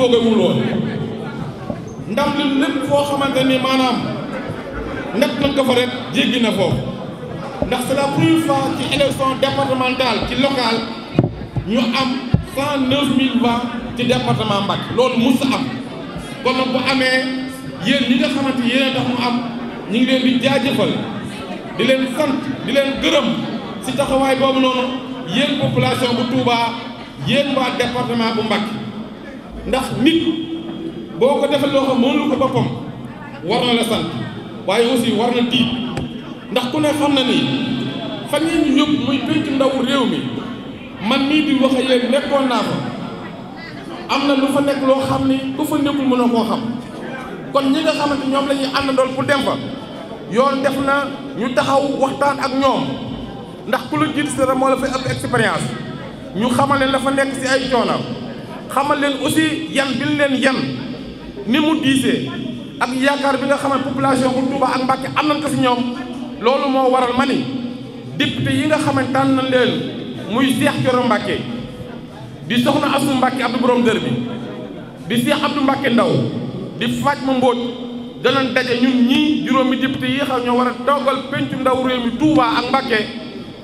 foogewul woon ndam li lépp foo xamante ni maanaam nekk nañ ko fa rek jéggi na foofu ndax c'est la première fois ci élection ci locale ñu am cent neuf mille voix ci département Mbacké loolu mus am kon bu amee yéen ñi nga xamante yéen tax mu am ñu ngi leen di jaajëfal di leen sant di leen gërëm si taxawaay boobu noonu yéen population bu Touba yéen waa département bu Mbacké ndax nit boo ko defee loo xam mënul ko boppam war na la sant waaye aussi war na tiit ndax ku ne xam na ni fan yii ñu yóbbu muy pénc ndawu réew mi man nii di wax ak yéen nekkoon naa fa am na lu fa nekk loo xam ni ku fa nekkul mënoo koo xam kon ñi nga xamante ñoom la ñuy àndandool pour dem fa yoon def na ñu taxaw waxtaan ak ñoom ndax ku la jiit sa moo la fa ëpp expérience ñu xamal ne la fa nekk si ay coono. xamal leen aussi yan bi leen yan ni mu diisee ak yaakaar bi nga xam ne population bu ak Mbacke am na ko fi ñoom loolu moo waral ma ni député yi nga xam ne tànn nañ leen muy Cheikh Thioro Mbacke di soxna Assou Mbacke Abdou Borom Dër bi di Cheikh Abdou Mbacke Ndaw di Fatma Mbodj danañ daje ñun ñii mi député yi nga xam ñoo war a toggal pencum ndaw réew mi Touba ak Mbacke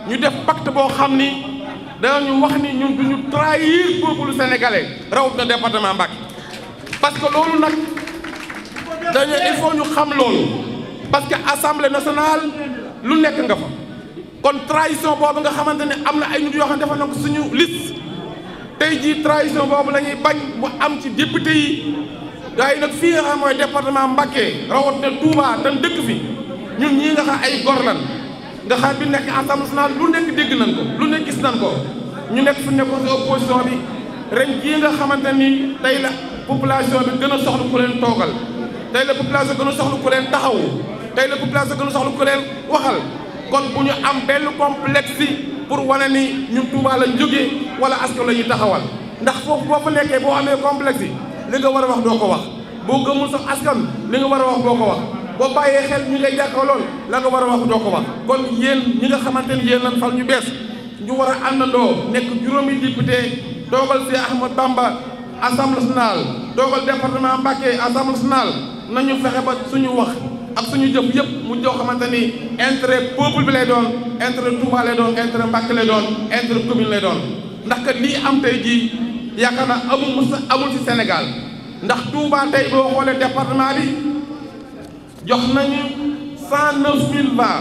ñu def pacte boo xam ni. dañu wax ni ñun duñu trahir peuple sénégalais rawut na département Mbacké parce que loolu nag dañu il faut ñu xam loolu parce que assemblée nationale lu nekk nga fa kon trahison boobu nga xamante ne am na ay nit yoo xam ne dafa nekk suñu liste tey jii trahison boobu la ñuy bañ mu am ci député yi gars yi nag fii nga xam mooy département Mbacké rawat na Touba te dëkk fi ñun ñii nga xam ay gorlan nga xam bi nekk am nationale lu nekk dégg nañ ko lu nekk gis nañ ko ñu nekk fu nekkoon si opposition bi ren jii nga xamante ni tey la population bi gën a soxla ku leen toogal tey la population gën a soxla ku leen taxawu tey la population gën a soxla ku leen waxal kon bu ñu am benn complexe pour wane ni ñun Touba lañ jóge wala askan la ñuy taxawal ndax foofu boo fa nekkee boo amee complexe li nga war a wax doo ko wax boo gëmul sax askan li nga war a wax doo boo bàyyee xel ñu ngay jàkkaarlool la nga war a wax doo ko wax kon yéen ñi nga xamante ni yéen lan fal ñu bees ñu war a doo nekk juróomi député doogal si Ahmad Bamba assemblée nationale doogal département Mbacké assemblée nationale nañu fexe ba suñu wax ak suñu jëf yëpp mu jox xamante ni intérêt peuple bi lay doon intérêt Touba lay doon intérêt Mbacké lay doon intérêt commune lay doon ndax kat am tey jii yaakaar naa amul mës amul ci Sénégal ndax Touba tey boo xoolee département bi jox nañu cent neuf mille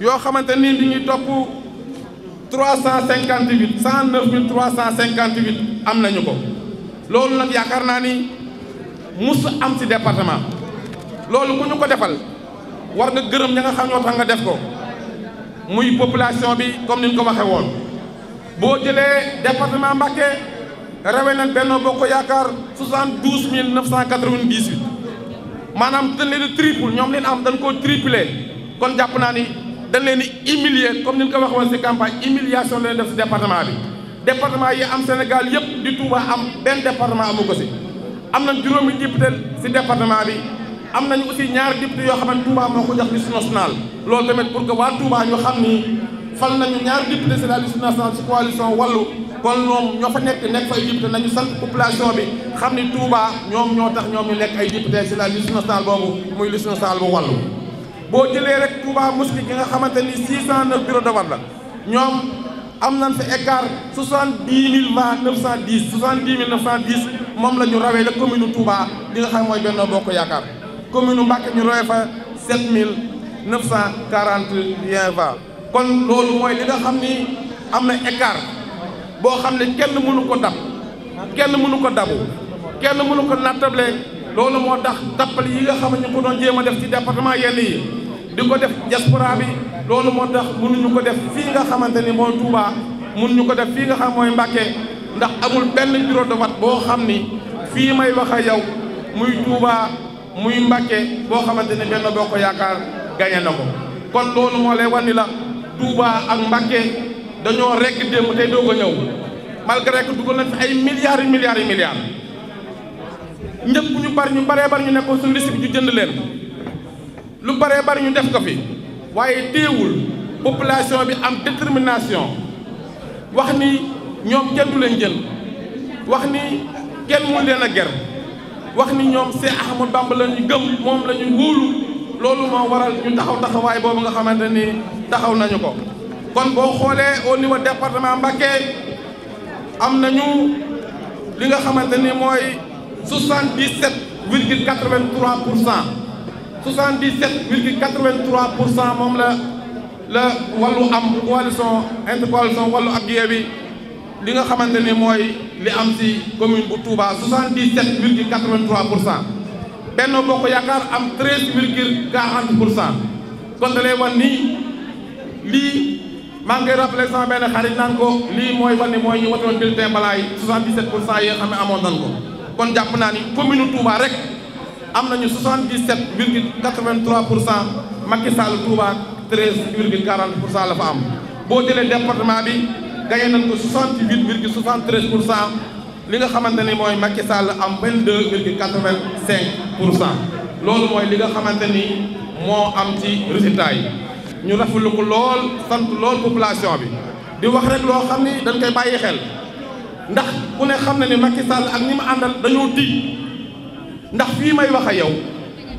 yoo xamante ni di ñuy topp trois cent cinquante huit cent neuf mille trois cent cinquante am nañu ko loolu nag yaakaar naa ni mus am si département loolu ku ñu ko defal war nga gërëm ña nga xam ñoo tax nga def ko muy population bi comme ni ko waxee woon boo jëlee département Mbacké rawe nañ Benno Bokk Yaakaar soixante douze mille neuf cent quatre vingt dix maanaam dañ leen di ñoom leen am dañ koo triplé kon jàpp naa ni dañ leen di humilier comme ni ñu ko wax woon si campagne humiliation leen def si département bi département yi am Sénégal yëpp di Touba am benn département amu ko si am nañ juróomi député si département bi am nañu aussi ñaari député yoo xam ne Touba moo ko jox liste nationale loolu tamit pour que waa Touba ñu xam ni fal nañu ñaari député si la liste nationale si coalition wàllu kon ñoom ñoo fa nekk nekk fa ay député nañu sant population bi xam ni Touba ñoom ñoo tax ñoom ñu nekk ay député si la liste nationale boobu muy liste nationale bu wàllu boo jëlee rek Touba Mosquée gi nga xamante ni 609 bureau de vote ñoom am na fa écart 70 mille vingt 910 70 mille 910 moom la ñu rawee la commune Touba li nga xam mooy Benno Bokk Yaakaar commune Mbacké ñu rawee fa 7 mille 941 vingt kon loolu mooy li nga xam ni am na écart. boo xam ne kenn mënu ko dab kenn mënu ko dabu kenn mënu ko nattable loolu moo dax tappale yi nga xam ne ñu ko doon jéem a def ci département yenn yi di ko def diaspora bi loolu moo tax mënuñu ko def fii nga xamante ni mooy Touba mënuñu ko def fii nga xam mooy Mbacké ndax amul benn bureau de vote boo xam ni fii may wax a yow muy Touba muy Mbacké boo xamante ni benn boo ko yaakaar gañe na ko kon loolu moo lay wan ni la Touba ak Mbacké dañoo rekk démb tey doo ko ñëw malgré que dugal nañ fi ay milliards yu milliards yu milliards ñëpp ñu bari ñu baree bari ñu nekkoon suñu liste bi ñu jënd leen lu baree bari ñu def ko fi waaye téewul population bi am détermination wax ni ñoom kenn du leen jënd wax ni kenn mënu leen a ger wax ni ñoom Seex Ahmadu Bamba la ñu gëm moom la ñu loolu moo waral ñu taxaw taxawaay boobu nga xamante ni taxaw nañu ko kon boo xoolee au niveau département Mbacké am nañu li nga xamante ni mooy soixante-dix-sept virgule quatre vingt pour cent soixante-dix-sept virgule quatre pour cent moom la la wallu am coalition intercoalition wàllu ak Yewwi li nga xamante ni mooy li am si commune bu Touba soixante-dix-sept virgule quatre-vingt-trois pour Bokk Yaakaar am treize virgule quarante pour cent ni lii maa ngi koy rappelé sama benn xarit naan ko lii mooy wane mooy ñu wotoon bulletin balaa yi 77 pour cent yi nga xam kon jàpp naa ni commune Touba rek am nañu 77 virgule 83 pour cent Macky Sall Touba 13 virgule 40 pour cent la fa am boo jëlee département bi gagné nañ ko 68 virgule 73 pour cent li nga xamante ni mooy Macky Sall am 22 virgule 85 pour cent loolu mooy li nga xamante ni moo am ci résultat yi. ñu rafetlu ko lool sant lool population bi di wax rek loo xam ni dañ koy bàyyi xel ndax ku ne xam na ne Macky Sall ak ñi ma àndal dañoo di ndax fii may wax a yow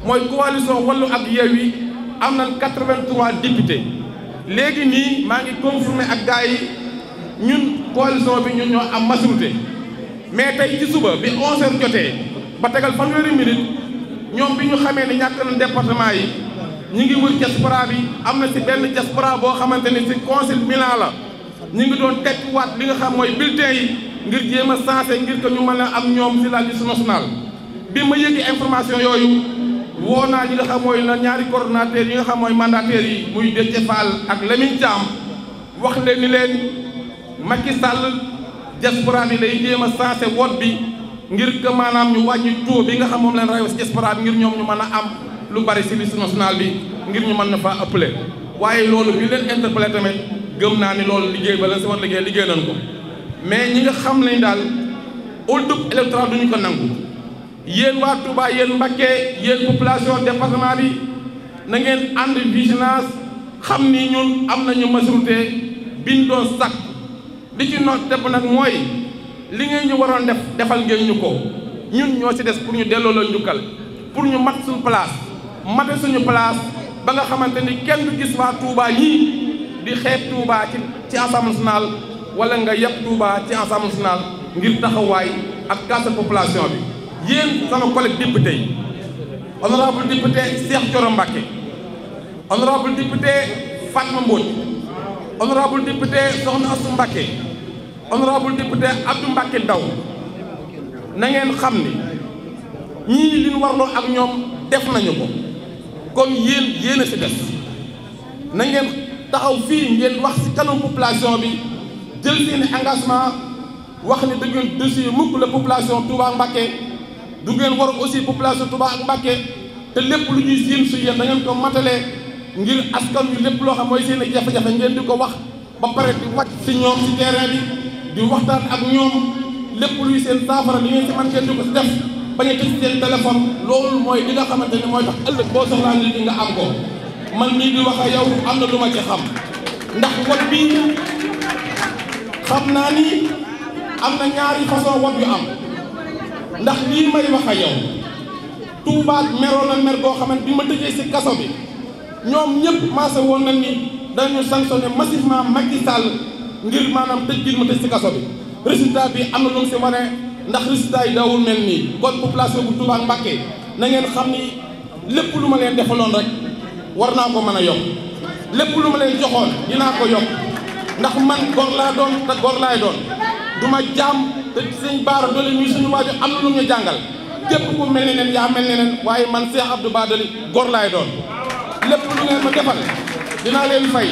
mooy coalition Wallu ak Yewwi am na 83 députés léegi nii maa ngi confirmé ak gars yi ñun coalition bi ñun ñoo am majorité mais tey ci suba bi 11h jotee ba tegal fanweeri minute ñoom bi ñu xamee ne ñàkk na département yi. ñu ngi wër diaspora bi am na si benn diaspora boo xamante ni si conseil Milan la ñu ngi doon tekkiwaat li nga xam mooy bulletin yi ngir jéem a sensé ngir que ñu mën a am ñoom si la liste nationale bi ma yëgi information yooyu woo naa ñi nga xam mooy na ñaari coordonnateurs yi nga xam mooy mandataires yi muy Déthié Fall ak Lamine Thiam wax leen ni leen Macky Sall diaspora bi day jéem a sensé vote bi ngir que maanaam ñu wàññi taux bi nga xam moom leen rayo si diaspora ngir ñoom ñu mën a am lu bari si liste nationale bi ngir ñu mën na fa ëppale waaye loolu bi leen interpellé tamit gëm naa ni loolu liggéey ba leen si war liggéey liggéey nañ ko mais ñi nga xam nañ daal hold-up électoral duñu ko nangu yéen waa Touba yéen Mbacké yéen population département bi na ngeen ànd vigilance xam ni ñun am nañu majorité biñ doon sàkk di ci noot tepp nag mooy li ngeen ñu waroon def defal ngeen ñu ko ñun ñoo ci des pour ñu delloo la njukkal pour ñu mat suñu place mate suñu place ba nga xamante ni kenn du gis waa Touba ñii di xeeb Touba ci ci Assemblée nationale nga yeb Touba ci Assemblée nationale ngir taxawaay ak kàttan population bi yéen sama collègue député yi honorable député Cheikh Thioro Mbacké honorable député Fatma Mbodj honorable député Soxna Assou Mbacké honorable député Abdou Mbacké Ndaw na xam ni ñii li ñu warloo ak ñoom def nañu ko kon yéen yéen a fi def na ngeen taxaw fii ngeen wax ci kanam population bi jël seen engagement wax ni da ngeen dessus mukk la population Touba Mbacké du ngeen war aussi population Touba ak Mbacké te lépp lu ñuy jéem su yéen da ngeen ko matalee ngir askan wi lépp loo xam mooy seen i jafe-jafe ngeen di ko wax ba pare di wàcc ci ñoom ci terrain bi di waxtaan ak ñoom lépp luy seen saafara li ngeen ci man ngeen di ko ci def bañ a tëj seen téléphone loolu mooy li nga xamante ni mooy tax ëllëg boo soxlaa nit ñi nga am ko man mii di wax ak am na lu ma ci xam ndax wat bii xam naa ni am na ñaari façon wat yu am ndax lii may wax ak yow Touba na mer boo xamante bi ma tëjee si kaso bi ñoom ñëpp maase woon na ni sole dañu sanctionné mag Macky Sall ngir maanaam tëj bi ma tëj si kaso bi résultat bi am na lu mu si wane ndax résultat yi daawul mel nii kon population bu Touba Mbacké na ngeen xam ni lépp lu ma leen defaloon rek war naa ko man a yokk lépp lu ma leen joxoon naa ko yokk ndax man gor laa doon te gor doon du ma jaam te sëñ Baara Doli muy suñu waajur am na lu ñu jàngal képp ku mel ne nen yaa mel ne neen waaye man Cheikh Abdou Bara Doli gor laay doon lépp lu ngeen ma defal dinaa leen fay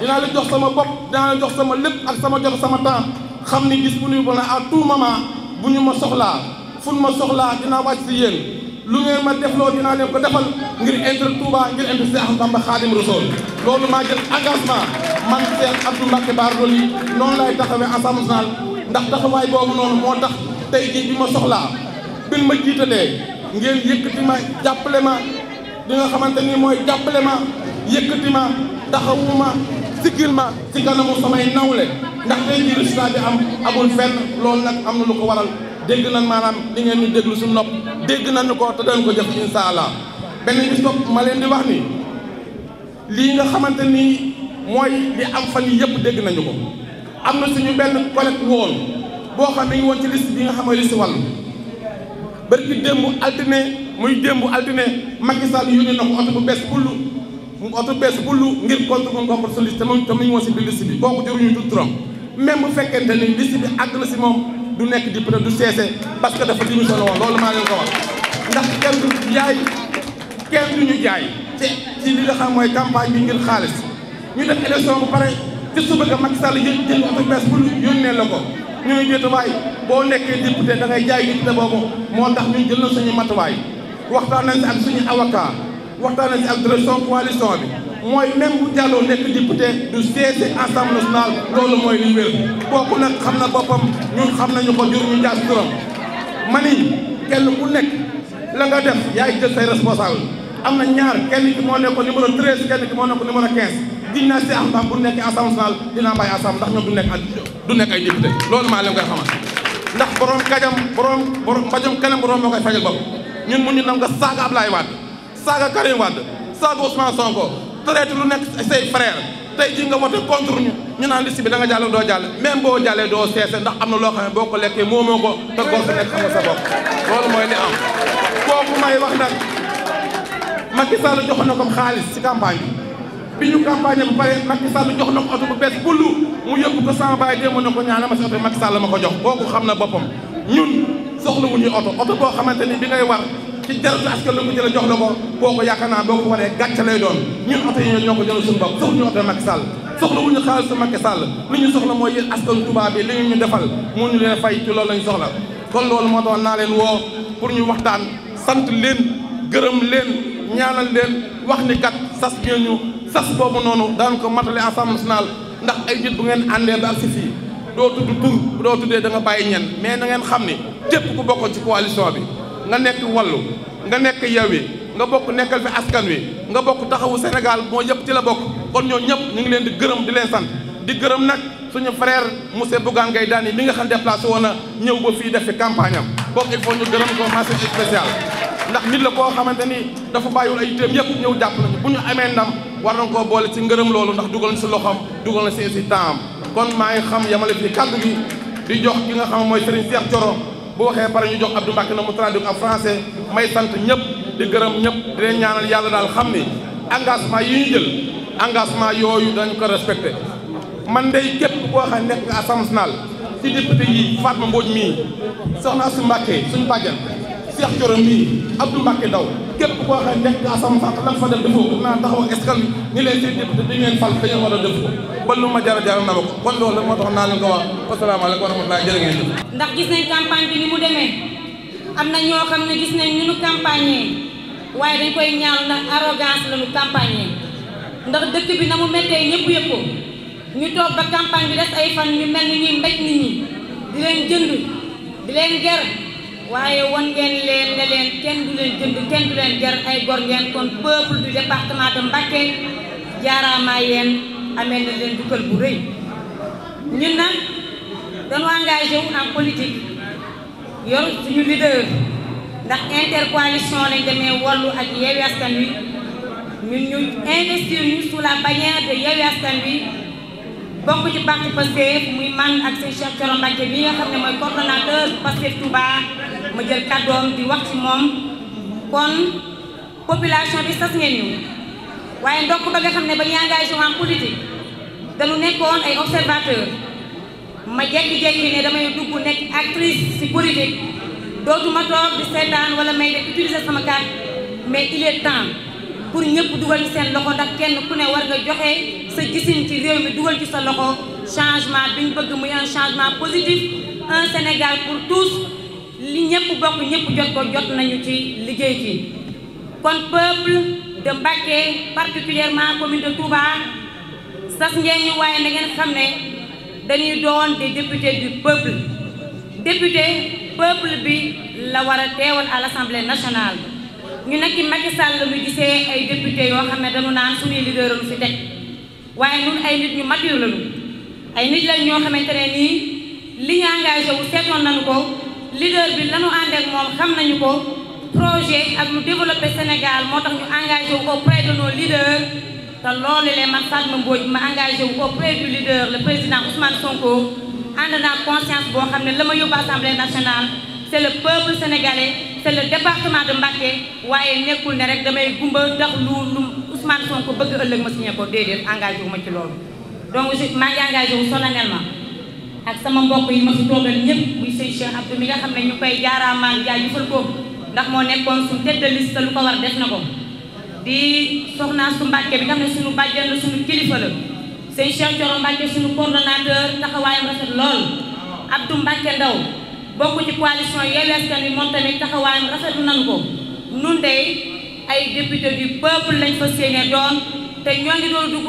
dinaa leen jox sama bopp dinaa leen jox sama lépp ak sama jox sama temps xam ni disponible na à tout moment bu ñu ma soxlaa fun ma soxlaa dinaa wàcc si yéen lu ngeen ma defloo dinaa leen ko defal ngir intérêt Touba ngir intérêt Seex Ahmadu Bamba Xaadimu Rasuul loolu maa jël engagement man Seex Abdou Mbacké Bara Dolly noonu lay taxawee Assemblée nationale ndax taxawaay boobu noonu moo tax tey jii bi ma soxlaa bin ma jiitalee ngeen yëkkati ma jàppale ma di nga xamante ni mooy jàppale ma yëkkati ma taxawu ma siggil ma si kanamu samay nawle ndax tey jii résultat bi am amul fenn loolu nag am na lu ko waral dégg nañ maanaam li ngeen ñu déglu suñu nopp dégg nañu ko te doon ko jëf incha allah benn bis topp ma leen di wax ni lii nga xamante ni mooy li am fan yii yëpp dégg nañu ko am na ñu benn collègue woon boo xam ne ñu woon ci liste bi nga xam ne liste wàll bërki démb altine muy démb altine Macky Sall yónnee na ko oto bu bees bullu oto bees bullu ngir contre ko ngopar sa liste te mu ñu woon si biir liste bi kooku jëruñu tudd turam même bu fekkente ni liste bi àgg na si moom du nekk député du cessé parce que dafa démissionné woon loolu maa leen ko wax ndax kenn du jaay kenn du ñu jaay te ci li nga xam mooy campagne bi ngir xaalis ñu def élection bu pare ci suba nga Macky Sall jël jël oto bees pour yónnee la ñu ne boo nekkee député da ngay jaay député boobu moo tax ñun jël na suñu matuwaay waxtaan nañ si ak suñu avocat waxtaan nañ si ak direction coalition bi mooy même bu Diallo nekk député du siège Assemblée nationale loolu mooy li wér kooku nag xam na boppam ñun xam nañu ko jur ñu jaas turam ma ni kenn ku nekk la nga def yaay jël say responsable am na ñaar kenn ki moo nekkoon numéro 13 kenn ki moo nekkoon numéro 15 naa si am tam bu nekkee Assemblée nationale dinaa bàyyi Assemblée ndax ñoom du nekk du nekk ay député loolu maa leen koy xamal ndax borom kajam borom borom mbajum kanam koy fajal ñun mu ñu traité lu nekk say frère tey ji nga wote contre ñu ñu naan liste bi da nga jàll doo jàll même boo jàllee doo seese ndax am na loo xam boo ko lekkee moo moo ko te góor su sa bopp loolu mooy li am kooku may wax nag Macky Sall jox na ko xaalis si campagne bi bi ñu campagne ba ma Macky Sall jox na ko oto bu bees bullu mu yóbbu ko sama baay démb na ko ñaana ma si oto Macky ma ko jox kooku xam na boppam ñun soxlawuñu oto oto boo xamante ni bi ngay war ci jaratu askan la ko jëlee jox la ko kooku yaakaar naa boo ko waree gàcce lay doon ñun oto yi ñoo ko jël suñu bopp soxla ñu oto Macky Sall soxla wuñu xaalis su Macky Sall li ñu soxla mooy yéen askan Touba bi li ñu ñu defal moo ñu leen fay ci loolu lañ soxla kon loolu moo tax naa leen woo pour ñu waxtaan sant leen gërëm leen ñaanal leen wax ni kat sas ngeen ñu sas boobu noonu daan ko matale Assemblée nationale ndax ay nit bu ngeen àndee ba agsi fii doo tudd tur doo tuddee da nga bàyyi ñen mais na ngeen xam ni képp ku bokkoon ci coalition bi nga nekk wallu nga nekk Yewwi nga bokk nekkal fi askan wi nga bokk taxawu Sénégal moo yëpp ci la bokk kon ñoo ñëpp ñu ngi leen di gërëm di leen sant di gërëm nag suñu frère monsieur Bougane Gueye Dany mi nga xam déplacé woon na ñëw ba fii def fi campagne am kooku il faut ñu gërëm ko message spécial ndax nit la koo xamante ni dafa bàyyiwul ay téem yëpp ñëw jàpp nañu bu ñu amee ndam war nañ koo boole ci ngërëm loolu ndax dugal na si loxoom dugal na si si temps am kon maa ngi xam yamale fii kàddu gi di jox ki nga xam mooy Serigne Cheikh Thioro bu waxee pare ñu jox du Mbacké na mu traduire en français may sant ñëpp di gërëm ñëpp dinañ ñaanal yàlla daal xam ni engagement yi ñu jël engagement yooyu dañ ko respecté man day képp koo xam nekk nga Assemblée nationale ci député yi Fatma Mbodj mii soxna Astou Mbacké suñu bàjjan Cheikh Thioro mii Abdou Mbacké Ndaw képp koo xam nekk nga sama fàq la fa def defoo ko naa taxaw askan ni leen seen député di ngeen a def ko ba lu ma ma ko kon loolu moo tax naa leen ko wax asalaamaaleykum wa rahmatulah jërë a ndax gis nañ campagne bi ni mu demee am na ñoo xam ne gis nañ ni nu campagne waaye dañ koy ñaaw ndax arrogance la nu campagne ndax dëkk bi na mu méttee ñëpp yëpp ko ñu toog ba campagne bi des ay fan ñu mel ni ñuy mbéj nit ñi di leen jënd di leen ger waaye won ngeen leen ne leen kenn du leen jënd kenn du leen jar ay kon peuple du département de Mbacké jaaraamaa amee na leen dugal bu rëy ñun nag dañu engagé wu en politique yor suñu leader ndax intercoalition lañ demee wallu ak Yewwi Askan Wi ñun ñu investir ñu sous la bannière de Yewwi Askan Wi bokk ci parti Pastef muy man ak seen Cheikh Thioro bi nga xam ne mooy coordonnateur Pastef Touba ma jël kàddoom di wax ci moom kon population bi sas ngeen ñu waaye ko ba nga xam ne ba ñu engagé en politique dañu nekkoon ay observateur ma jekki-jekki ne damay dugg nekk actrice ci politique dootuma toog di seetaan wala may def utiliser sama carte mais il est temps pour ñëpp dugal ci seen loxo ndax kenn ku ne war nga joxe sa gisin ci réew mi dugal ci sa loxo changement bi ñu bëgg muy un changement positif un Sénégal pour tous li ñëpp bokk ñëpp jot ko jot nañu ci liggéey ci kon peuple de Mbacké particulièrement commune de Touba sas ngeen ñu waaye na xam ne dañuy doon des députés du peuple député peuple bi la war a teewal à l'Assemblée nationale ñu nekk Macky Sall la ñu gisee ay député yoo xam ne dañu naan suñuy leader lu fi teg waaye ñun ay nit ñu mature lañu ay nit lañ ñoo xamante ne nii li ñu engagé wu seetoon nañu ko leader bi lanu ànd ak moom xam nañu ko projet ak lu développé Sénégal moo tax ñu engagé wu auprès de nos leaders te loolu lee man Fatma Mbodj ma engagé président Ousmane Sonko ànd naa conscience boo xam ne la ma yóbbu assemblée nationale c' est le peuple se c' est le de Mbacké waaye nekkul ne rek damay gumba ndax lu lu Ousmane Sonko bëgg ëllëg ma signé ko déedéet engagé wu ma ci loolu donc maa ngi engagé wu solennellement ak sama mbokk yi ma fi toogal ñëpp sëñ Cheikh Abdou mi nga xam ne ñu koy jaaraamaan jaajëfal ko ndax moo nekkoon suñu tête de liste lu ko war def na ko di soxnaa su Mbàkke bi nga xam ne suñu bàjjen la suñu kilifa la sëñ Cheikh Thioro Mbàkke suñu coordonnateur taxawaayam rafet lool Abdou Mbàkke Ndaw bokk ci coalition Yewwi Askan Wi moom tamit taxawaayam rafetlu nañu ko nun dey ay député bi peuple lañ fa séenee doon te ñoo ngi doon dugg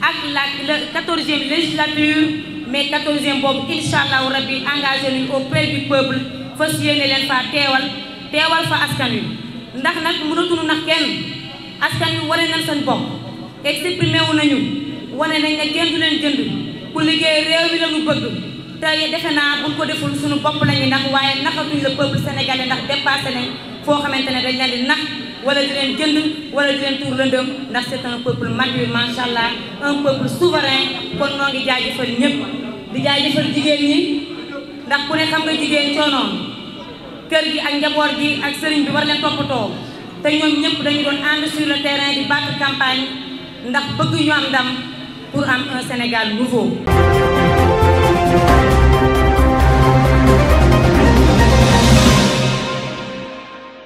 ak la quatorzième législature mais quatorzième boobu incha allahu rabbi engagé nañu auprès du peuple fas yéene leen faa teewal teewal fa askan wi ndax nag mënatuñu nax kenn askan wi wane nañ seen bopp exprimé wu nañu ne nañ ne kenn du leen jënd ku liggéey réew mi la ñu bëgg te defe naa buñ ko deful suñu bopp lañu nax waaye naxatuñ le peuple sénégalais ndax dépassé nañ foo xamante ne dañ leen di nax wala di leen jënd wala di leen tuur lëndëm ndax c'est un peuple mature macha allah un peuple di jaajëfal jigéen ñi ndax ku ne xam nga jigéen coonoon kër gi ak njaboot gi ak sëriñ bi war leen toppatoo te ñoom ñëpp dañu doon ànd sur le terrain di battre campagne ndax bëgg ñu am pour am un Sénégal nouveau